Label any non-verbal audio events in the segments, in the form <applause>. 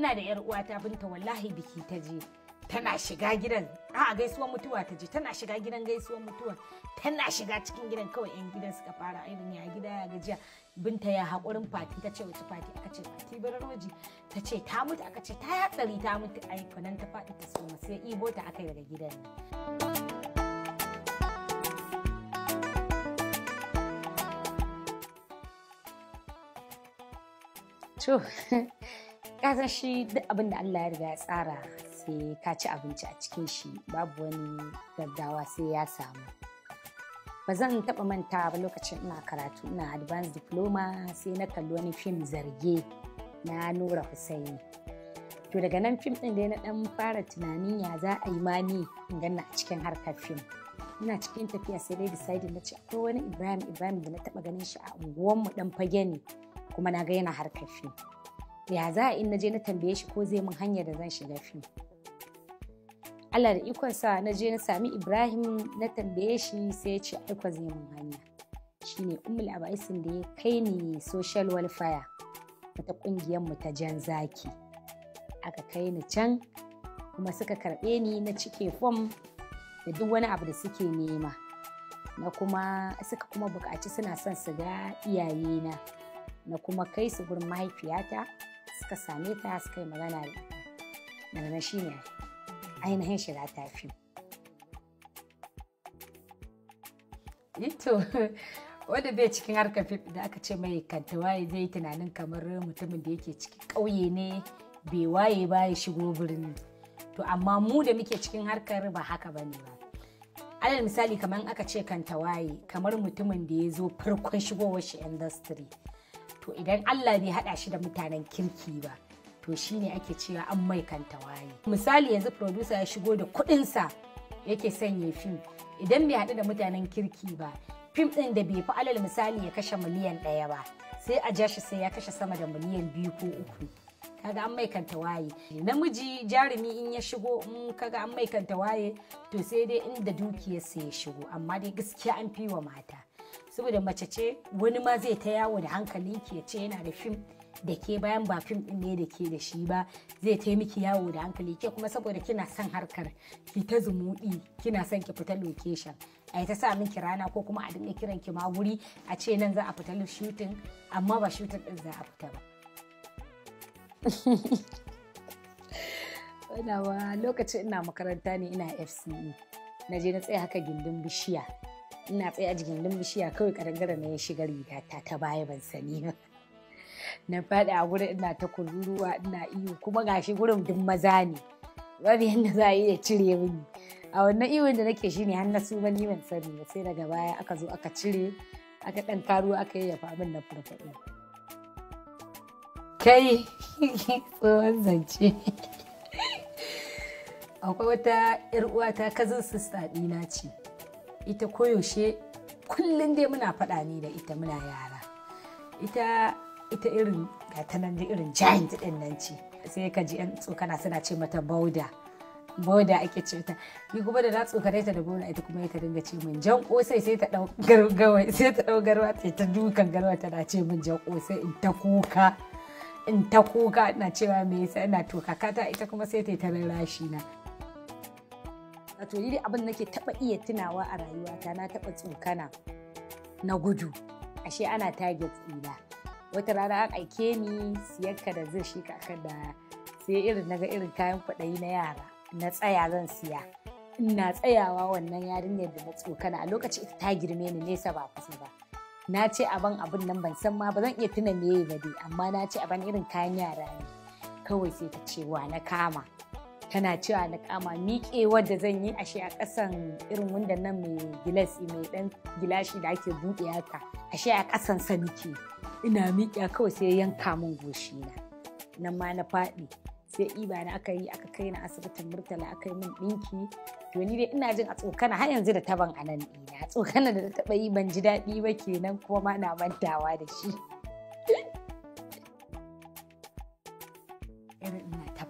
ina da yar uwata binta wallahi biki ta je tana shiga gidan a gaisuwar mutuwa ta je tana shiga gidan gaisuwar mutuwa tana shiga cikin gidan kawai yan gidan suka fara aibin ya gida ya gajiya binta ya haƙurin fati ta ce wasu fati aka ce fati ta ce ta mutu aka ce ta yatsari ta mutu a kunan ta faɗi ta soma sai ibo ta aka daga gidan To, <laughs> kasan duk abin da Allah ya riga ya tsara sai ka ci abinci a cikin shi babu wani gaggawa sai ya samu ba zan taɓa manta ba lokacin ina karatu ina advanced diploma sai na kalli wani fim zarge na nura husaini to daga nan fim ɗin da na ɗan fara tunanin ya za a yi mani in ganna a cikin harkar fim ina cikin tafiya sai dai decide na ce akwai wani ibrahim ibrahim da na taɓa ganin shi a unguwanmu ɗan fage ne kuma na ga yana harkar fim ya za a in na je na tambaye shi ko zai min hanyar da zan shiga fi? Allah da ikon sa na je na sami Ibrahim na tambaye shi sai ya ce aiko zai min hanya shine ummul abaisin da ya kai ni social welfare wata kungiyar mu ta jan zaki aka kai ni can kuma suka karɓe ni na cike fom da duk wani abu da suke nema na kuma suka kuma bukaci suna son su ga iyayena na kuma kai su gurin mahaifiyata suka same ta suka yi magana da ita shine ainihin shiga tafi ito wanda bai cikin harkar fim da aka ce mai waye zai tunanin kamar mutumin da yake cikin ƙauye ne bai waye ba ya shigo birni to amma mu da muke cikin harkar ba haka ba ne ba alal misali kamar aka ce kantawaye kamar mutumin da ya zo farkon shigowar shi industry to idan Allah bai haɗa shi da mutanen kirki ba to shi ne ake cewa an mai kanta waye misali yanzu producer ya shigo da kuɗinsa yake sanya fim idan bai haɗu da mutanen kirki ba fim ɗin da bai fi alal misali ya kashe miliyan ɗaya ba sai a ja shi sai ya kashe sama da miliyan biyu ko uku kaga an maikanta waye namiji jarumi in ya shigo in kaga an maikanta waye to sai dai inda dukiyarsa ya shigo amma dai gaskiya an fi wa mata saboda mace ce wani ma zai ta yawo da hankali ke ce yana da fim da ke bayan ba fim din ne da ke da shi ba zai ta miki yawo da hankali ke kuma saboda kina son harkar ki ta zumuɗi kina son ki fita location a ta sa miki rana ko kuma a dinga kiran ki ma wuri a ce nan za a fita shooting amma ba shooting din za a fita ba ina <laughs> lokacin ina makaranta ne ina fce na je na tsaya haka gindin bishiya ina tsaye a jikin bishiya kawai karangara na ya shiga rigata ta baya ban sani ba na faɗi a gurin ina ta kururuwa ina iyo kuma gashi gurin duk maza ne babu yadda za a iya cire mini a wannan iwon da nake shine har na su ban ni ban sani ba sai daga baya aka zo aka cire aka ɗan karuwa, aka yi yafa abin na farfaɗo kai <laughs> tsohon zance akwai wata 'yar uwata kazin sista ɗina ce ita koyaushe kullum dai muna faɗa ni da ita muna yara ita ita irin ta nan da irin giant ɗin nan ce sai ka ji yan tsokana suna ce mata bauda boda ake ce ta ni kuma da na tsoka ta da boda ita kuma ita dinga ce min jan kosai sai ta dau gargawa sai ta dau garwa ta ta dukan garwa tana ce min jan kosai in ta kuka in ta kuka ina cewa me yasa ina to kakata ita kuma sai ta yi ta rarashi na wato to dai abin nake taba iya tunawa a rayuwata na taba tsokana na gudu ashe ana target ɗina wata rana an aike ni siyar ka da zai shika ka da sai irin naga irin kayan kwaɗayi na yara na tsaya zan siya ina tsayawa wannan yarinyar da na tsokana a lokaci ita ta girme ni nesa ba kusa ba na ce aban abin nan ban san ma ba zan iya tuna me ba dai amma na ce aban irin kayan yara ne kawai sai ta ce wa na kama tana cewa na kama miƙe wadda zan yi ashe a ƙasan irin wanda nan mai gilasi mai ɗan gilashi da ake buɗe haka ashe a ƙasan sa ina miƙe kawai sai yanka min goshi na nan ma na faɗi sai iba na aka yi aka kai na asibitin murtala aka yi min ɗinki to ni dai ina jin a tsokana har yanzu da taban a nan ɗina a tsokana da ta taɓa yi ban ji daɗi ba kenan kuma ma na mantawa da shi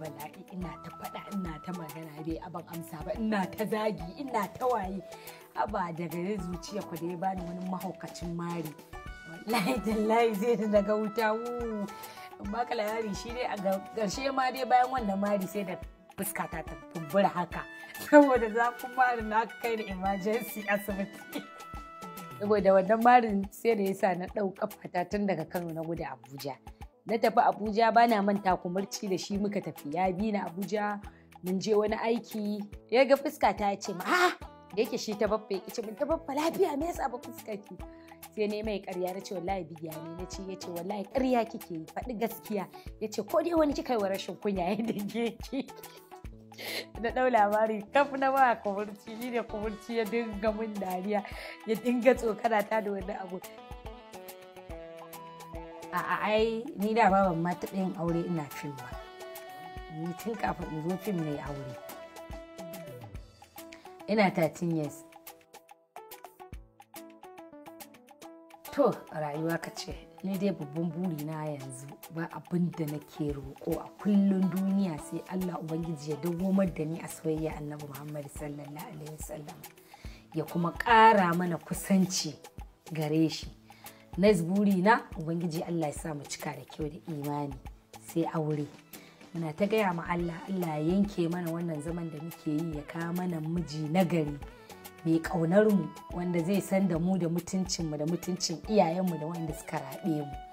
bala'i ina ta faɗa ina ta magana bai aban amsa ba ina ta zagi ina ta waye aba daga ya zuciya ku da ya bani wani mahaukacin mari wallahi dallahi <laughs> zai da daga wuta wu baka labari shi dai a ƙarshe ma dai bayan wannan mari sai da fuska ta tumbura haka <laughs> saboda za ku mari na ka kai da emergency asibiti saboda wannan marin sai da yasa na ɗau kafa tun daga Kano na gudu Abuja na tafi abuja bana manta kumurci da shi muka tafi ya bi na abuja mun je wani aiki ya ga fuska ta ce ma da yake shi ta baffa ya ce ta baffa lafiya me yasa ba fuska ki sai ne mai karya na ce wallahi bigiya ne na ce yace wallahi karya kike yi faɗi gaskiya yace ko dai wani kika yi wa rashin kunya ya dinge ki na ɗau labari kaf na ba kumurci ni ne kumurci ya dinga mun dariya ya dinga tsokana ta da wani abu a'a ai ni da ba ma taɓa yin aure ina fim ba ni tun kafin in zo fim na aure ina 13 years to rayuwa ka ce ni dai babban buri na yanzu ba abin da nake roƙo a kullum duniya sai Allah Ubangiji ya dawomar da ni a soyayya Annabi Muhammad sallallahu alaihi wasallam ya kuma ƙara mana kusanci gare shi next buri na ubangiji Allah ya sa mu cika da kyau da imani sai aure muna ta gaya ma Allah Allah ya yanke mana wannan zaman da muke yi ya kawo mana miji nagari mai ƙaunar mu wanda zai san da mu da mutuncin mu da mutuncin iyayen mu da wanda suka raɓe mu